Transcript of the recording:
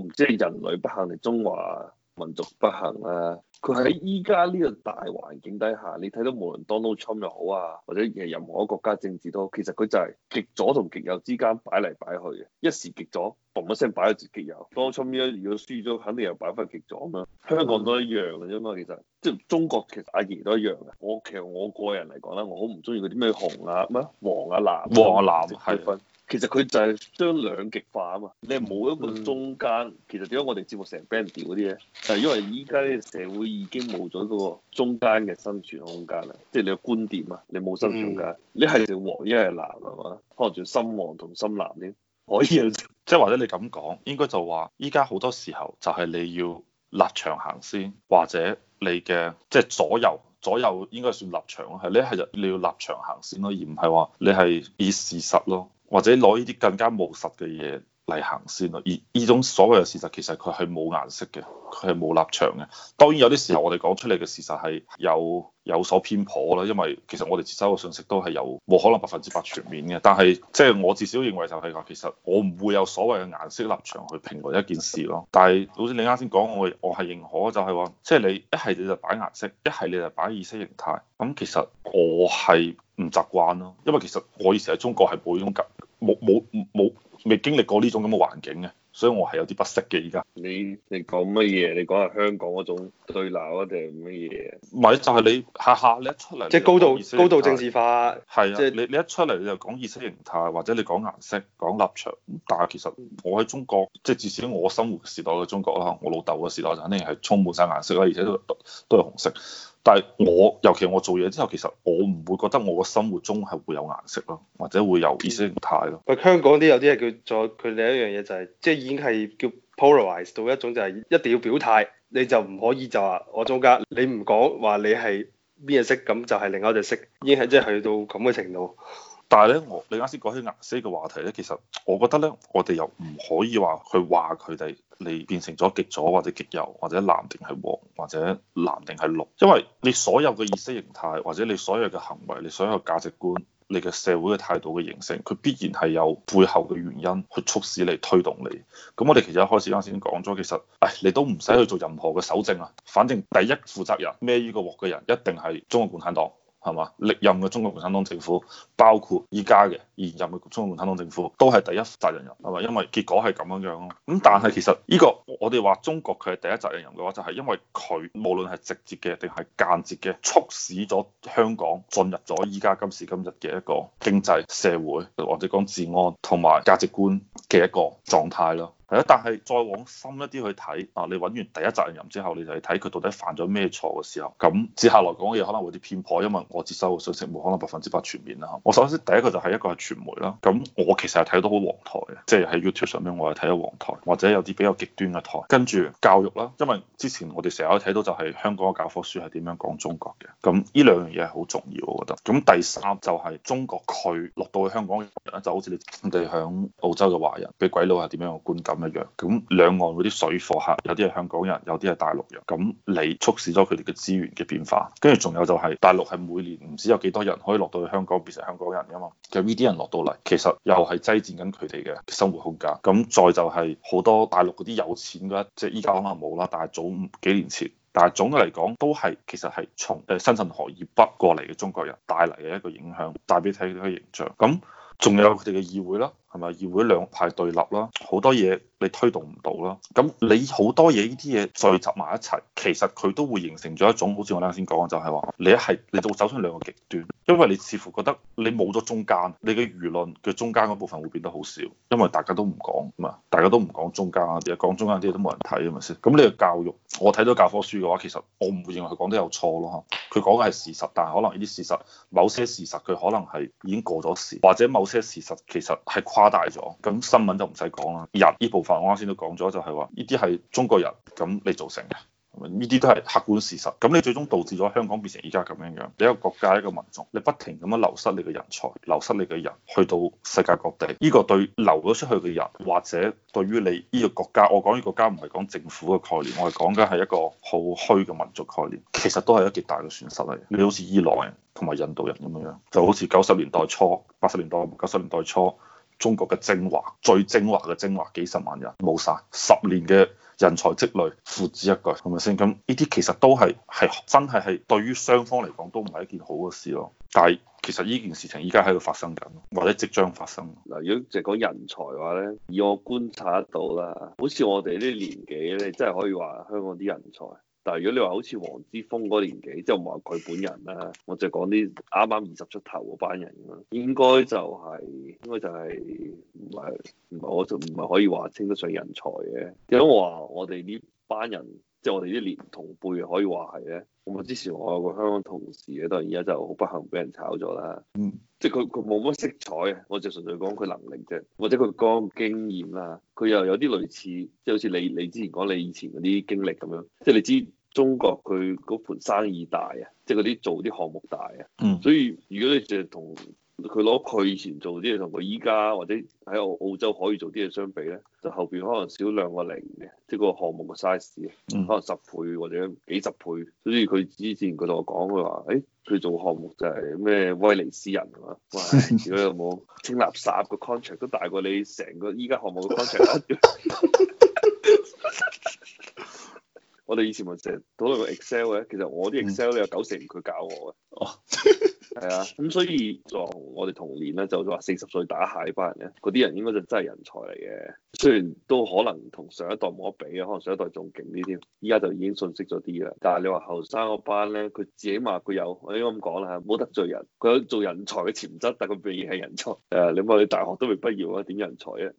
唔即係人類不幸定中華民族不幸啊？佢喺依家呢個大環境底下，你睇到無論 Donald Trump 又好啊，或者係任何一個國家政治都好，其實佢就係極左同極右之間擺嚟擺去嘅。一時極左，嘣一聲擺去就極右。Donald Trump 如果輸咗，肯定又擺翻極左啊嘛。香港都一樣嘅啫嘛，其實。即係中國其實阿怡都一樣嘅，我其實我個人嚟講咧，我好唔中意嗰啲咩紅啊咩黃啊藍、啊，黃啊藍係分。其實佢就係將兩極化啊嘛，你冇一個中間。嗯、其實點解我哋節目成 bandy 嗰啲咧，就係、是、因為依家社會已經冇咗嗰個中間嘅生存空間啦。即係你嘅觀點啊，你冇生存空間，嗯、你係條黃，一係藍啊嘛，可能仲深黃同深藍添。我依樣，即係或者你咁講，應該就話依家好多時候就係你要立場行先，或者。你嘅即係左右，左右應該算立場，咯，你係你要立場行先咯，而唔係話你係以事實咯，或者攞呢啲更加務實嘅嘢。例行先咯，而呢種所謂嘅事實，其實佢係冇顏色嘅，佢係冇立場嘅。當然有啲時候，我哋講出嚟嘅事實係有有所偏頗啦，因為其實我哋接收嘅信息都係有冇可能百分之百全面嘅。但係即係我至少認為就係話，其實我唔會有所謂嘅顏色立場去評論一件事咯。但係老師你啱先講我我係認可就，就係話即係你一係你就擺顏色，一係你就擺意識形態。咁其實我係唔習慣咯，因為其實我以前喺中國係冇呢種冇冇冇。未經歷過呢種咁嘅環境嘅。所以我係有啲不適嘅，依家你你講乜嘢？你講下香港嗰種對鬧，定係乜嘢？唔係，就係、係、你下下你一出嚟，即係高度高度政治化。係啊，即係你你一出嚟你就講意識形態，或者你講顏色、講立場。但係其實我喺中國，即係至少我生活時代嘅中國啦，我老豆嘅時代就肯定係充滿晒顏色啦，而且都都係紅色。但係我尤其我做嘢之後，其實我唔會覺得我嘅生活中係會有顏色咯，或者會有意識形態咯、嗯。咪香港啲有啲係叫再佢另一樣嘢就係即係。就係已經係叫 polarize 到一種就係一定要表態，你就唔可以就話我中間，你唔講話你係邊隻色，咁就係另一隻色，已經係即係去到咁嘅程度。但係咧，我你啱先講起顏色嘅話題咧，其實我覺得咧，我哋又唔可以話去話佢哋你變成咗極左或者極右，或者藍定係黃，或者藍定係綠，因為你所有嘅意識形態或者你所有嘅行為，你所有嘅價值觀。你嘅社會嘅態度嘅形成，佢必然係有背後嘅原因去促使你推動你。咁我哋其實一開始啱先講咗，其實誒你都唔使去做任何嘅搜證啊，反正第一負責人孭呢個鑊嘅人一定係中國共產黨，係嘛？歷任嘅中國共產黨政府，包括依家嘅現任嘅中國共產黨政府，都係第一責任人，係咪？因為結果係咁樣樣咯。咁但係其實呢個我哋話中國佢係第一責任人嘅話，就係因為佢無論係直接嘅定係間接嘅，促使咗香港進入咗依家今時今日嘅一個經濟社會或者講治安同埋價值觀嘅一個狀態咯。係但係再往深一啲去睇，啊，你揾完第一責任人之後，你就係睇佢到底犯咗咩錯嘅時候。咁接下來講嘅嘢可能會有啲偏頗，因為我接收嘅信息冇可能百分之百全面啦、嗯。我首先第一個就係一個係傳媒啦，咁我其實係睇到好黃台嘅，即係喺 YouTube 上面我係睇到黃台，或者有啲比較極端嘅台。跟住教育啦，因為之前我哋成日都睇到就係香港嘅教科書係點樣講中國嘅，咁呢兩樣嘢係好重要我覺得。咁第三就係中國佢落到去香港嘅人咧，就好似你哋響澳洲嘅華人，俾鬼佬係點樣嘅觀感？咁，兩岸嗰啲水貨客，有啲係香港人，有啲係大陸人。咁你促使咗佢哋嘅資源嘅變化，跟住仲有就係大陸係每年唔知有幾多人可以落到去香港變成香港人㗎嘛。就呢啲人落到嚟，其實又係擠佔緊佢哋嘅生活空間。咁再就係好多大陸嗰啲有錢嘅，即係依家可能冇啦，但係早幾年前，但係總嘅嚟講都係其實係從誒深圳河以北過嚟嘅中國人帶嚟嘅一個影響，帶俾佢哋嘅形象。咁仲有佢哋嘅議會啦。係咪議會兩派對立咯？好多嘢你推動唔到咯。咁你好多嘢呢啲嘢聚集埋一齊，其實佢都會形成咗一種好似我啱先講嘅，就係話你一係你就會走出兩個極端，因為你似乎覺得你冇咗中間，你嘅輿論嘅中間嗰部分會變得好少，因為大家都唔講啊嘛，大家都唔講中間啊啲嘢，講中間啲嘢都冇人睇啊嘛先。咁你嘅教育，我睇到教科書嘅話，其實我唔會認為佢講得有錯咯。佢講嘅係事實，但係可能呢啲事實，某些事實佢可能係已經過咗時，或者某些事實其實係加大咗，咁新聞就唔使講啦。人呢部分我啱先都講咗，就係話呢啲係中國人咁你造成嘅，呢啲都係客觀事實。咁你最終導致咗香港變成而家咁樣樣，你一個國家一個民族，你不停咁樣流失你嘅人才，流失你嘅人去到世界各地，呢個對流咗出去嘅人，或者對於你呢個國家，我講呢個國家唔係講政府嘅概念，我係講緊係一個好虛嘅民族概念，其實都係一極大嘅損失嚟。你好似伊朗人同埋印度人咁樣樣，就好似九十年代初、八十年代、九十年代初。中國嘅精華，最精華嘅精華，幾十萬人冇晒十年嘅人才積累付之一炬，係咪先？咁呢啲其實都係係真係係對於雙方嚟講都唔係一件好嘅事咯。但係其實呢件事情依家喺度發生緊，或者即將發生。嗱，如果淨係講人才話咧，以我觀察得到啦，好似我哋呢啲年紀，你真係可以話香港啲人才。但係如果你話好似黃之鋒嗰年紀，即係唔話佢本人啦，我就講啲啱啱二十出頭嗰班人啦，應該就係，應該就係唔係唔係，我就唔係可以話稱得上人才嘅。點解我話我哋呢班人，即係我哋啲年同輩可以話係咧？我之前我有個香港同事咧，但係而家就好不幸俾人炒咗啦。嗯。即係佢佢冇乜色彩啊！我就純粹講佢能力啫，或者佢講經驗啦，佢又有啲類似，即係好似你你之前講你以前嗰啲經歷咁樣。即係你知中國佢嗰盤生意大啊，即係嗰啲做啲項目大啊，嗯，所以如果你淨係同。佢攞佢以前做啲嘢同佢依家或者喺澳洲可以做啲嘢相比咧，就後邊可能少兩個零嘅，即係個項目嘅 size，可能十倍或者幾十倍。所以佢之前佢同我講，佢話，誒，佢做項目就係咩威尼斯人啊，如果有冇清垃圾個 contract 都大過你成個依家項目嘅 contract 啊。 我哋以前咪成日討論個 Excel 嘅，其實我啲 Excel 咧有九成佢教我嘅。哦， 係啊，咁所以我童就我哋同年咧，就話四十歲打蟹班人咧，嗰啲人應該就真係人才嚟嘅。雖然都可能同上一代冇得比啊，可能上一代仲勁啲添。依家就已經瞬息咗啲啦。但係你話後生嗰班咧，佢自起碼佢有，我應該咁講啦，冇得罪人。佢有做人才嘅潛質，但係佢未係人才。誒，你話你大學都未畢業啊，點人才啊？